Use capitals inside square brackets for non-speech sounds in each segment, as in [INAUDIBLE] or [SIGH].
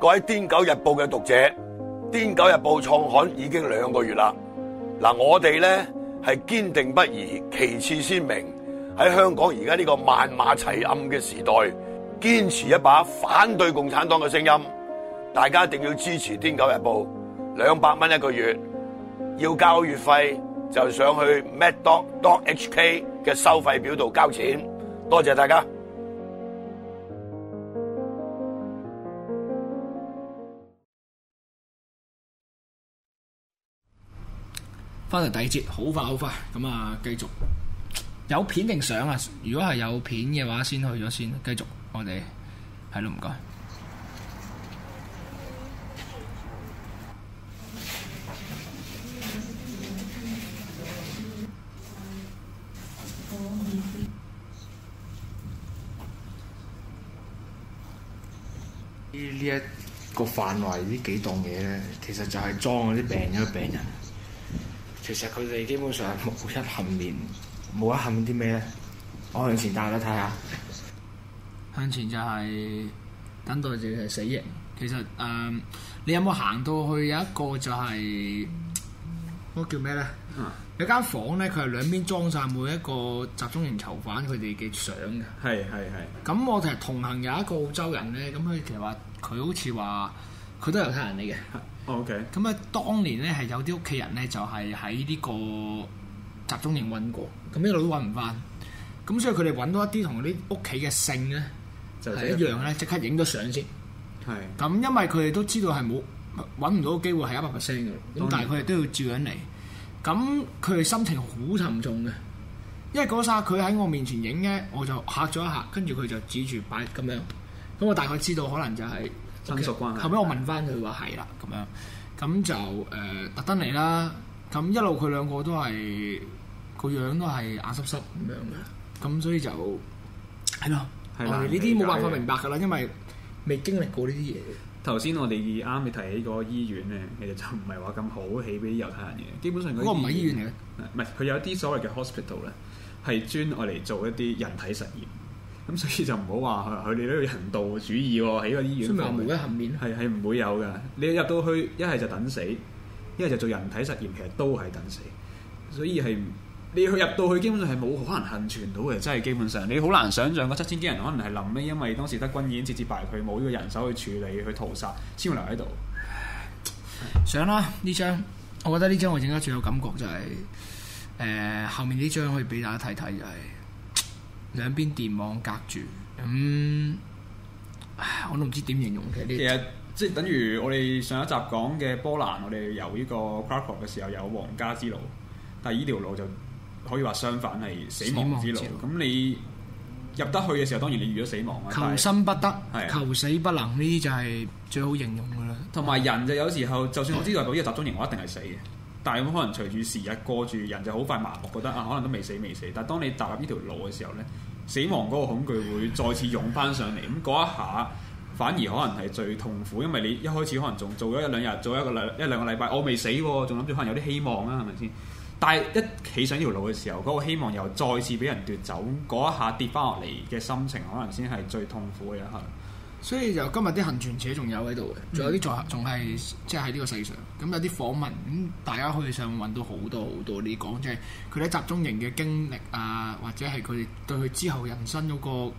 各位《癲狗日報》嘅讀者，《癲狗日報》創刊已經兩個月啦。嗱，我哋咧係堅定不移、旗幟鮮明喺香港而家呢個萬馬齊喑嘅時代，堅持一把反對共產黨嘅聲音。大家一定要支持《癲狗日報》，兩百蚊一個月要交月費就上去 myradio.hk 嘅收費表度交錢。多謝大家。翻嚟第二節，好快好快，咁啊繼續。有片定相啊？如果係有片嘅話，先去咗先。繼續，我哋係咯，唔該。呢呢一個範圍，呢幾檔嘢咧，其實就係裝嗰啲病咗嘅病人。其實佢哋基本上係冇一幸免，冇一幸免啲咩咧？我向前帶大家睇下。向前就係等待住係死刑。其實誒、嗯，你有冇行到去有一個就係、是、嗰叫咩咧？嗯、有一間房咧，佢係兩邊裝晒每一個集中營囚犯佢哋嘅相㗎。係係係。咁我其實同行有一個澳洲人咧，咁佢其實話佢好似話佢都有睇人嚟嘅。 [LAUGHS] OK，咁啊，當年咧係有啲屋企人咧就係喺呢個集中營揾過，咁一路都揾唔翻，咁所以佢哋揾到一啲同啲屋企嘅姓咧就係一樣咧，即刻影咗相先。係，咁因為佢哋都知道係冇揾唔到嘅機會係一百 percent 嘅，咁但係佢哋都要照緊嚟，咁佢哋心情好沉重嘅，因為嗰陣佢喺我面前影咧，我就嚇咗一嚇，跟住佢就指住擺咁樣，咁我大概知道可能就係。親屬 Okay, 關係。後尾我問翻佢話係啦，咁、嗯、樣，咁就誒、呃、特登嚟啦。咁一路佢兩個都係個樣都係眼濕濕咁樣嘅，咁所以就係咯。係啦，呢啲冇辦法明白㗎啦，的因為未經歷過呢啲嘢。頭先我哋啱啱提起嗰個醫院咧，其實就唔係話咁好起俾猶太人嘅，基本上嗰個唔係醫院嚟嘅，唔係佢有啲所謂嘅 hospital 咧，係專愛嚟做一啲人體實驗。咁所以就唔好話佢哋呢個人道主義喎，喺個醫院，係係唔會有嘅。你入到去，一係就等死，一係就做人體實驗，其實都係等死。所以係你去入到去，基本上係冇可能幸存到嘅。真係基本上你好難想象嗰七千幾人，可能係臨尾，因為當時德軍已經節節敗退，冇呢個人手去處理去屠殺，先會留喺度。上啦，呢張我覺得呢張我影得最有感覺就係、是、誒、呃、後面呢張可以俾大家睇睇就係、是。兩邊電網隔住，咁、嗯，我都唔知點形容嘅啲。其實即係等於我哋上一集講嘅波蘭，我哋由呢個 Krakow 嘅時候有皇家之路，但係呢條路就可以話相反係死亡之路。咁、嗯、你入得去嘅時候，當然你遇咗死亡，求生不得，是的求死不能，呢啲就係最好形容噶啦。同埋人就有時候，就算我知道到呢一個集中營，的我一定係死嘅。但係咁可能隨住時日過住，人就好快麻木，覺得啊可能都未死未死。但係當你踏入呢條路嘅時候呢，死亡嗰個恐懼會再次湧翻上嚟。咁嗰一下反而可能係最痛苦，因為你一開始可能仲做咗一兩日，做咗一個兩一兩個禮拜，我未死喎，仲諗住可能有啲希望啊，係咪先？但係一企上條路嘅時候，嗰個希望又再次俾人奪走。嗰一下跌翻落嚟嘅心情，可能先係最痛苦嘅一刻。所以就今日啲幸存者仲有喺度嘅，仲、嗯、有啲仲仲係即係喺呢個世上。咁有啲訪問，咁大家可以上揾到好多好多。你講即係佢喺集中營嘅經歷啊，或者係佢哋對佢之後人生嗰個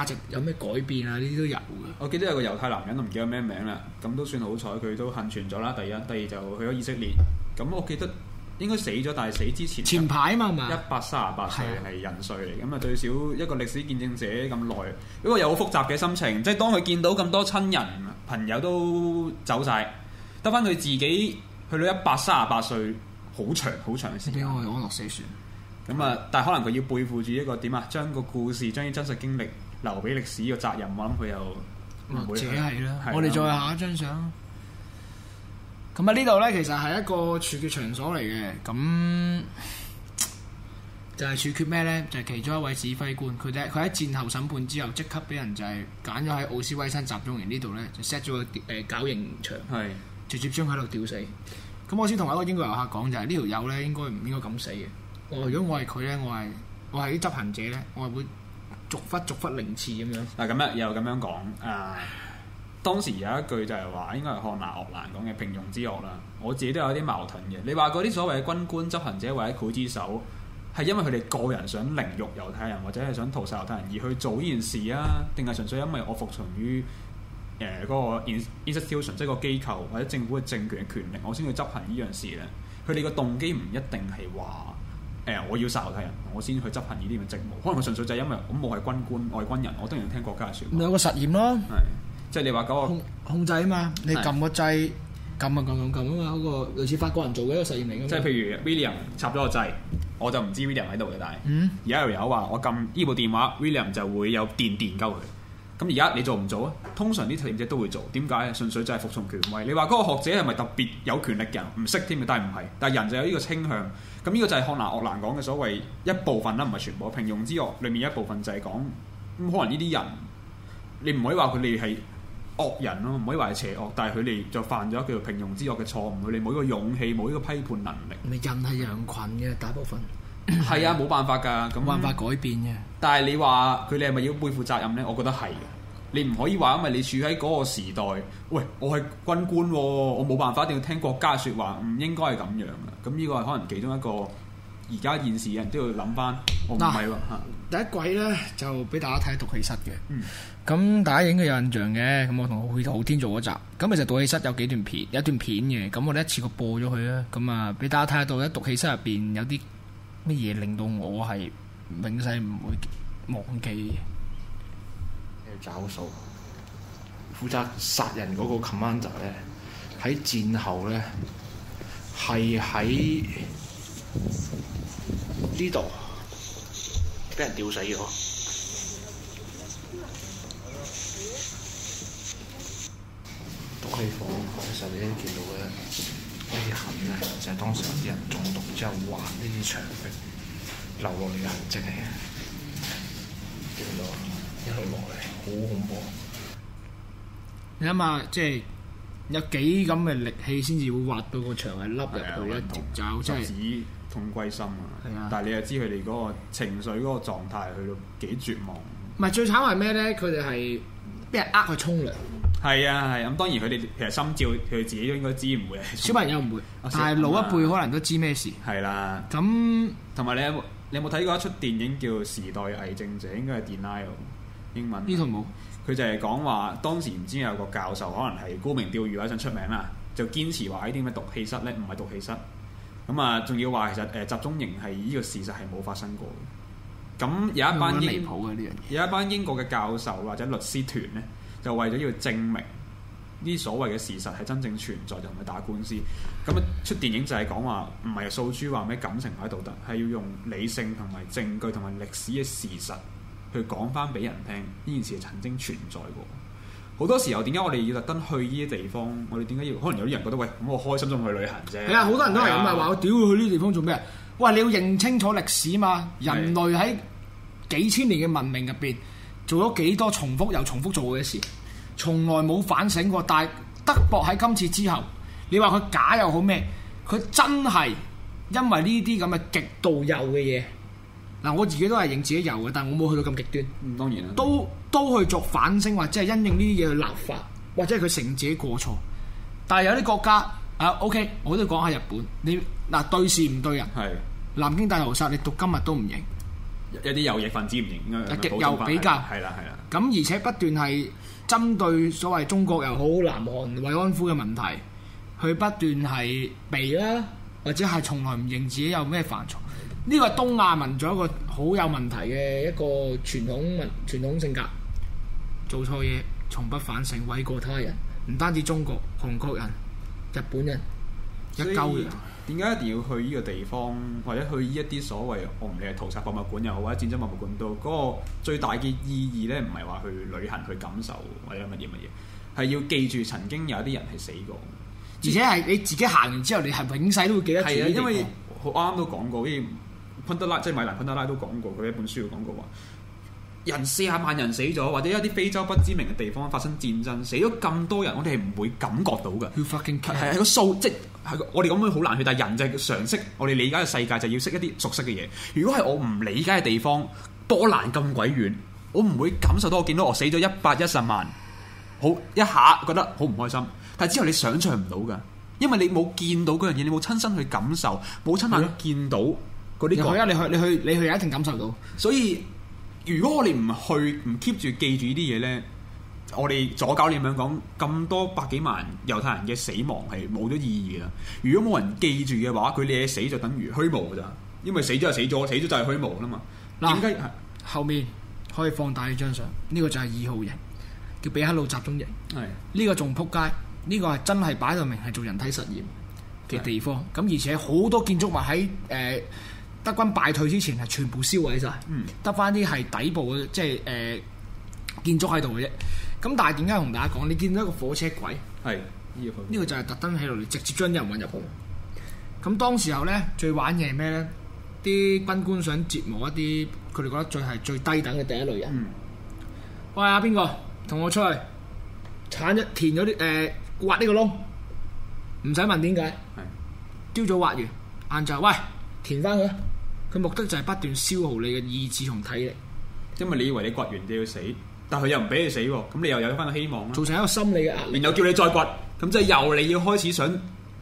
價值有咩改變啊？呢啲都有嘅。我記得有個猶太男人，都唔記得咩名啦。咁都算好彩，佢都幸存咗啦。第一，第二就去咗以色列。咁我記得。應該死咗，但係死之前前排啊嘛，一百三十八歲係人歲嚟，咁啊的最少一個歷史見證者咁耐，不過有好複雜嘅心情，即係當佢見到咁多親人朋友都走晒，得翻佢自己去到一百三十八歲，好長好長先俾我哋安樂死船，咁啊那，的但係可能佢要背負住一個點啊，將個故事將啲真實經歷留俾歷史嘅責任，我諗佢又唔會。即係啦，的的我哋再下一張相。咁啊，呢度咧其實係一個處決場所嚟嘅，咁就係、是、處決咩咧？就係、是、其中一位指揮官，佢咧佢喺戰後審判之後即刻俾人就係揀咗喺奧斯威辛集中營呢度咧，就 set 咗個誒絞刑場，是直接將佢喺度吊死。咁我先同一個英國遊客講，就係呢條友咧應該唔應該咁死嘅？我如果我係佢咧，我係我係啲執行者咧，我係會逐忽逐忽凌遲咁樣。嗱咁樣又咁樣講啊！當時有一句就係話，應該係漢娜鄂蘭講嘅平庸之惡啦。我自己都有啲矛盾嘅。你話嗰啲所謂嘅軍官執行者或者劊子手，係因為佢哋個人想凌辱猶太人或者係想屠殺猶太人而去做呢件事啊？定係純粹因為我服從於誒嗰、呃那個 institution，即係個機構或者政府嘅政權嘅權力，我先去執行呢樣事呢？佢哋嘅動機唔一定係話誒，我要殺猶太人，我先去執行呢啲咁嘅職務。可能佢純粹就係因為我係軍官，我係軍人，我當然要聽國家嘅説話。你有個實驗咯。即係你話嗰個控，控制啊嘛，你撳個掣，撳啊撳撳撳啊嘛，嗰、嗰個類似法國人做嘅一個實驗嚟嘅。即係譬如 William 插咗個掣，我就唔知 William 喺度嘅，但係，而家又有話我撳呢部電話，嗯，William 就會有電電鳩佢。咁而家你做唔做啊？通常啲實驗者都會做，點解咧？純粹就係服從權威。你話嗰個學者係咪特別有權力嘅人？唔識添，但係唔係。但係人就有呢個傾向。咁呢個就係漢娜·厄蘭講嘅所謂一部分啦，唔係全部。平庸之惡裏面一部分就係講咁可能呢啲人，你唔可以話佢哋係。惡人咯、啊，唔可以話係邪惡，但係佢哋就犯咗叫做平庸之惡嘅錯誤。佢哋冇呢個勇氣，冇呢個批判能力。人係羊群嘅，大部分係 [LAUGHS] 啊，冇辦法噶，冇辦法改變嘅、嗯。但係你話佢哋係咪要背負責任呢？我覺得係嘅。你唔可以話，因為你處喺嗰個時代，喂，我係軍官、啊，我冇辦法，一定要聽國家說話。唔應該係咁樣嘅。咁呢個係可能其中一個。而家現，現時人都要諗翻，嗱、啊、第一季呢，就俾大家睇下毒氣室嘅，咁、嗯、大家應該有印象嘅。咁我同佢去到好天做嗰集，咁其實毒氣室有幾段片，有一段片嘅。咁我哋一次過播咗佢啦。咁啊，俾大家睇下，到一毒氣室入邊有啲乜嘢令到我係永世唔會忘記。要找數，負責殺人嗰個，commander 呢，喺戰後呢，係喺。呢度俾人吊死咗，毒氣房。時候，你已經見到嘅呢啲痕咧，就係、是、當時啲人中毒之後挖呢啲牆壁流落嚟嘅痕跡嚟嘅，一路落嚟，好恐怖。你諗下，即係有幾咁嘅力氣先至會挖到個牆係凹入去，一直走，即係。痛歸心啊！是啊，但係你又知佢哋嗰個情緒嗰個狀態去到幾絕望，啊？唔係最慘係咩咧？佢哋係俾人呃去沖涼。係啊係，咁、嗯、當然佢哋其實心照，佢自己應該知唔會，會。小朋友唔會，但係老一輩可能都知咩事，啊。係啦，啊。咁同埋你有冇你有冇睇過一出電影叫《時代偽證者》？應該係《Denial》，英文呢套冇。佢就係講話當時唔知有個教授可能係沽名釣譽或者想出名啦，就堅持話呢啲咩毒氣室咧唔係毒氣室。咁啊，仲要話其實誒集中營係呢個事實係冇發生過。咁有一班英，有冇咁離譜啊？有一班英國嘅教授或者律師團呢，就為咗要證明呢所謂嘅事實係真正存在，就同佢打官司。咁出電影就係講話唔係訴諸話咩感情或者道德，係要用理性同埋證據同埋歷史嘅事實去講翻俾人聽，呢件事曾經存在過。好多時候點解我哋要特登去呢啲地方？我哋點解要？可能有啲人覺得喂，咁我開心咁去旅行啫。係啊、嗯，好多人都係咁話。我屌佢去呢啲地方做咩？喂，你要認清楚歷史嘛？人類喺幾千年嘅文明入邊做咗幾多重複又重複做嘅事，從來冇反省過。但係德國喺今次之後，你話佢假又好咩？佢真係因為呢啲咁嘅極度右嘅嘢。嗱，我自己都係認自己右嘅，但係我冇去到咁極端。嗯，當然啦。都都去作反省，或者係因應呢啲嘢去立法，或者係佢承自己過錯。但係有啲國家啊，OK，我都講下日本。你嗱、啊、對事唔對人。係是。南京大屠殺，你到今日都唔認。有啲右翼分子唔認啊。極右比較。係啦，係啦。咁而且不斷係針對所謂中國又好、南韓慰安婦嘅問題，佢不斷係避啦，或者係從來唔認自己有咩犯錯。呢個係東亞民族一個好有問題嘅一個傳統文傳統性格，做錯嘢從不反省，諉過他人，唔單止中國、韓國人、日本人、一鳩人。點解一定要去呢個地方，或者去呢一啲所謂我唔理係屠殺博物館又好，或者戰爭博物館都，嗰個最大嘅意義咧，唔係話去旅行去感受或者乜嘢乜嘢，係要記住曾經有啲人係死過，而且係你自己行完之後，你係永世都會記得住呢個。係啊，因為我啱啱都講過，依。潘德拉即係米蘭潘德拉都講過，佢一本書嘅講過話，人四廿萬人死咗，或者一啲非洲不知名嘅地方發生戰爭，死咗咁多人，我哋係唔會感覺到嘅。係個數，即係我哋咁樣好難去，但係人就係常識，我哋理解嘅世界就是，要識一啲熟悉嘅嘢。如果係我唔理解嘅地方，波蘭咁鬼遠，我唔會感受到，我見到我死咗一百一十萬，好一下覺得好唔開心。但係之後你想象唔到噶，因為你冇見到嗰樣嘢，你冇親身去感受，冇親眼見到。我啲講，這個、你去，你去，你去，你一定感受到。所以，如果我哋唔去，唔 keep 住記住啲嘢咧，我哋左搞你咁樣講咁多百幾萬猶太人嘅死亡係冇咗意義啦。如果冇人記住嘅話，佢哋嘅死就等於虛無㗎咋！因為死咗就死咗，死咗就係虛無啦嘛。嗱看，點解？後面可以放大呢張相，呢、這個就係二號營，叫比克瑙集中營。係呢的個仲撲街，呢、這個係真係擺到明係做人體實驗嘅地方。咁的而且好多建築物喺誒，呃德軍敗退之前係全部燒毀晒，得翻啲係底部嘅即係誒、呃、建築喺度嘅啫。咁但係點解同大家講？你見到一個火車軌，係呢個就係特登喺度嚟，直接將人揾入去。咁的當時候咧，最玩嘅係咩咧？啲軍官想折磨一啲佢哋覺得最係最低等嘅第一類人。嗯、喂，阿邊個同我出去鏟咗填咗啲誒挖呢個窿？唔使問點解。朝早挖完，晏晝，喂填翻佢。佢目的就係不斷消耗你嘅意志同體力，因為你以為你掘完就要死，但係佢又唔俾你死喎，咁你又有翻個希望啦，啊。造成一個心理嘅壓力，然後叫你再掘，咁即係由你要開始想，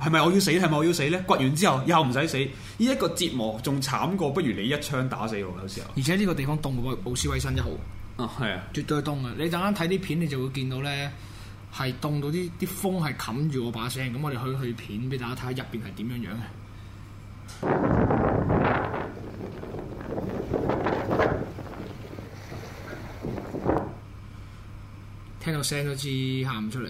係咪我要死？係咪我要死咧？掘完之後又唔使死，呢一個折磨仲慘過不如你一槍打死我有時候。而且呢個地方凍過奧斯威辛一號。啊，係啊，絕對凍啊！你陣間睇啲片，你就會見到咧，係凍到啲啲風係冚住我把聲。咁我哋去去片俾大家睇下入邊係點樣樣嘅。個聲都知喊唔出嚟，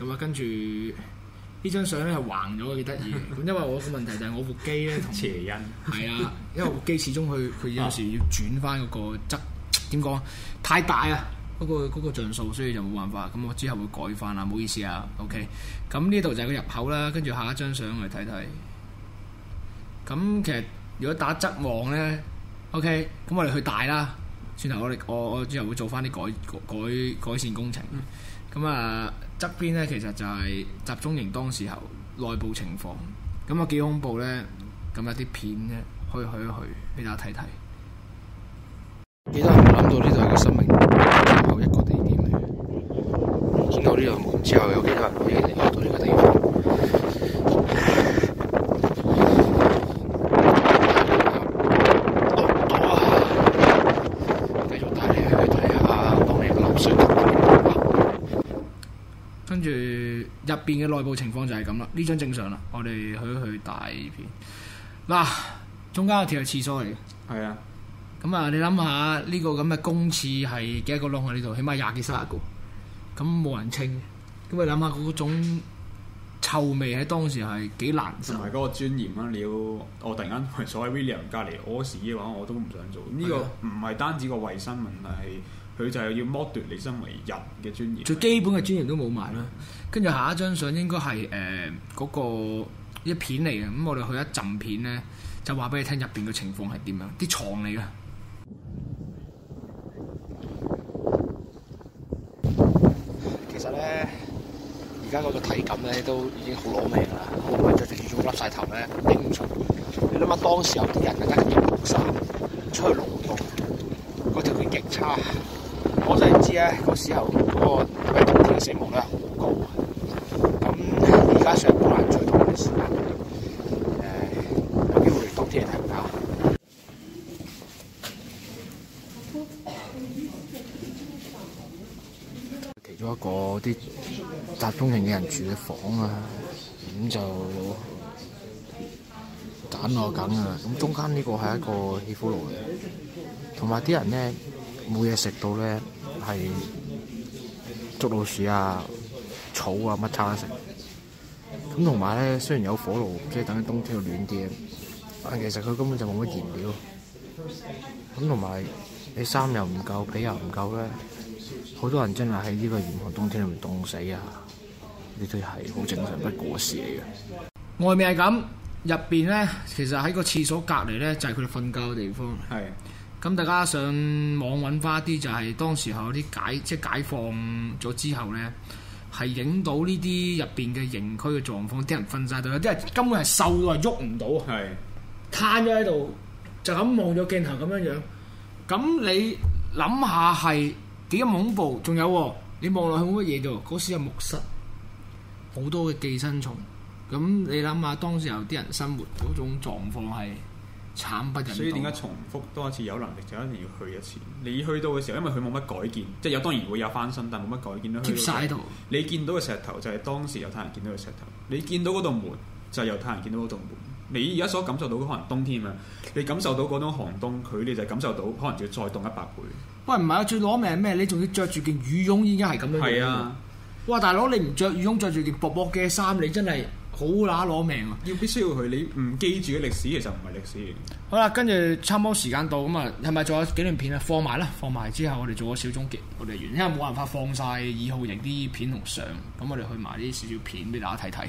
咁啊，跟住呢張相咧係橫咗，幾得意。咁因為我個問題就係我部機咧，斜印。係啊，因為我部機始終佢佢有時要轉翻嗰個側，點講？太大啊，嗰個嗰個像素，所以就冇辦法。咁我之後會改翻啊，唔好意思啊。OK，咁呢度就係個入口啦。跟住下一張相我哋睇睇。咁其實如果打側望咧，OK，咁我哋去大啦。算係我哋，我我之後會做翻啲改改改善工程。咁啊、嗯，側邊咧其實就係集中營當時候內部情況，咁啊幾恐怖咧。咁有啲片咧，可以去一去俾大家睇睇。幾多人諗到呢度係個生命最後一個地點咧？見到呢度冇之後，有幾多人可以嚟到呢個地方？跟住入邊嘅內部情況就係咁啦，呢張正常啦，我哋去一去大片。嗱、啊，中間有條係廁所嚟嘅。係、嗯、啊，咁、嗯這個、啊，你諗下呢個咁嘅公廁係幾多個窿喺呢度，起碼廿幾三十個，咁冇人清。咁、嗯、你諗下嗰種臭味喺當時係幾難受。同埋嗰個尊嚴啦，你要我突然間坐喺 William 隔離屙屎嘅話，我都唔想做。呢、呢個唔係單止個衞生問題。佢就係要剝奪你身為人嘅尊嚴，最基本嘅尊嚴都冇埋啦。跟住下一張相應該係誒嗰個一個片嚟嘅，咁我哋去一陣片咧，就話俾你聽入邊嘅情況係點樣，啲床嚟嘅。其實咧，而家嗰個體感咧，都已經好攞命啦，好唔係著住羽絨笠晒頭咧，頂唔順。你諗下當時有啲人喺間營業房，出去勞動，個條件極差。我就知咧，嗰時候嗰個因為冬天嘅死亡率好高啊！咁而家上過難最多嘅時間，誒有機會冬天嚟緊啊！其中一個啲集中營嘅人住嘅房啊，咁就揀落緊啊！咁中間呢個係一個火爐嚟嘅，同埋啲人咧。冇嘢食到咧，係捉老鼠啊、草啊乜叉食。咁同埋咧，雖然有火爐，即係等於冬天要暖啲，但其實佢根本就冇乜燃料。咁同埋你衫又唔夠，被又唔夠咧，好多人真係喺呢個嚴寒冬天裏面凍死啊！呢啲係好正常不過嘅事嚟嘅。外面係咁，入邊咧，其實喺個廁所隔離咧，就係佢瞓覺嘅地方。係。咁大家上網揾翻啲，就係、係、當時候啲解即係解放咗之後咧，係影到呢啲入邊嘅營區嘅狀況，啲人瞓晒喺度，有啲人根本係瘦到係喐唔到，攤咗喺度就咁望咗鏡頭咁樣樣。咁你諗下係幾咁恐怖？仲有、哦、你望落去冇乜嘢嘅，嗰時有木虱，好多嘅寄生蟲。咁你諗下當時候啲人生活嗰種狀況係。慘不人，所以點解重複多一次，有能力就一定要去一次？你去到嘅時候，因為佢冇乜改建，即係有當然會有翻新，但冇乜改建咯。貼曬到你見到嘅石頭就係當時猶太人見到嘅石頭，你見到嗰道門就係猶太人見到嗰道門。你而家所感受到嘅，可能冬天嘛，你感受到嗰種寒冬，佢哋就感受到可能要再凍一百倍。喂，唔係啊！最攞命係咩？你仲要着住件羽絨衣，而家係咁樣。係啊！哇，大佬，你唔着羽絨，着住件薄薄嘅衫，你真係～好乸攞命啊！要必須要佢，你唔記住嘅歷史，其實唔係歷史。好啦，跟住差唔多時間到咁啊，係咪仲有幾段片啊？放埋啦，放埋之後我哋做咗小總結，我哋完，因為冇辦法放晒二號營啲片同相，咁我哋去埋啲少少片俾大家睇睇。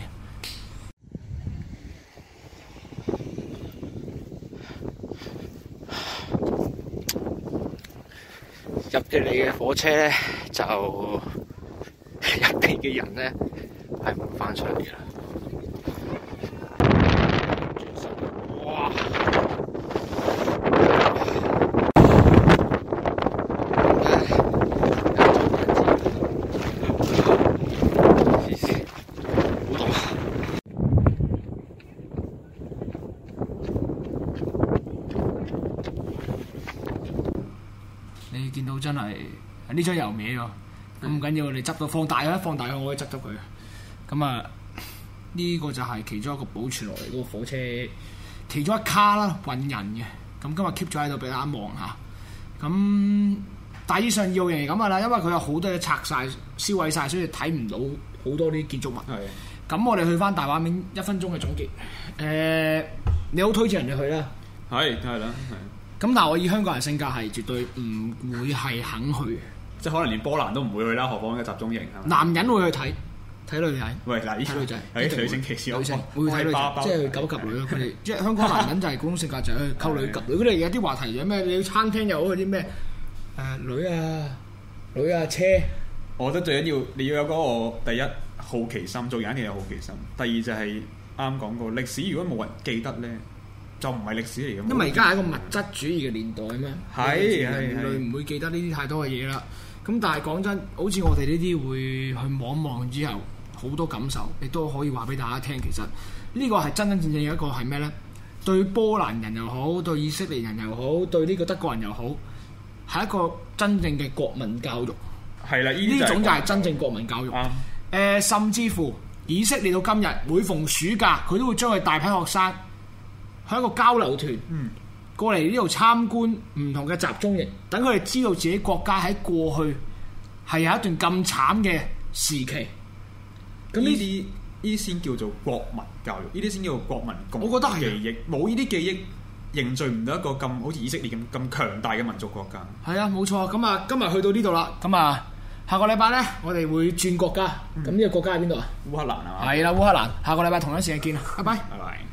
入咗嚟嘅火車咧，就 [LAUGHS] 入邊嘅人咧係唔翻上嚟嘅。呢張油歪喎，咁唔緊要，我哋執到放大佢，放大佢，我可以執執佢。咁啊，呢個就係其中一個保存落嚟嗰個火車，其中一卡啦，運人嘅。咁今日 keep 咗喺度俾大家望下。咁大致上要人嘢咁啊，啦，因為佢有好多嘢拆晒、燒毀晒，所以睇唔到好多啲建築物。咁的我哋去翻大畫面一分鐘嘅總結。誒，你好推薦人哋去啦。係，係啦，係。咁嗱，但我以香港人性格係絕對唔會係肯去。即係可能連波蘭都唔會去啦，何況嘅集中營係嘛？男人會去睇睇女仔，喂嗱，啲女仔，啲女性歧視，我會睇包，即係九及女咯，即係香港男人就係嗰種性格，就去溝女級。如果你有啲話題，有咩？你要餐廳又好，啲咩？誒女啊，女啊，車。我覺得最緊要你要有嗰個第一好奇心，做人肯定有好奇心。第二就係啱講過，歷史如果冇人記得咧。就唔係歷史嚟嘅，因為而家係個物質主義嘅年代咩？係係係，人類唔會記得呢啲太多嘅嘢啦。咁但係講真，好似我哋呢啲會去望望之後，好多感受，你都可以話俾大家聽。其實呢個係真真正正有一個係咩呢？對波蘭人又好，對以色列人又好，對呢個德國人又好，係一個真正嘅國民教育。係啦，呢種就係真正國民教育。誒、嗯呃，甚至乎以色列到今日，每逢暑假，佢都會將佢大批學生，喺一個交流團、嗯、過嚟呢度參觀唔同嘅集中營，等佢哋知道自己國家喺過去係有一段咁慘嘅時期。咁呢啲呢先叫做國民教育，呢啲先叫做國民共。我覺得係、啊，冇呢啲記憶凝聚唔到一個咁好似以色列咁咁強大嘅民族國家。係啊，冇錯。咁啊，今日去到呢度啦，咁啊，下個禮拜咧，我哋會轉國家。咁呢、嗯、個國家喺邊度啊？烏克蘭啊，係啦，烏克蘭。下個禮拜同一時間見，拜拜。 [LAUGHS] 拜拜。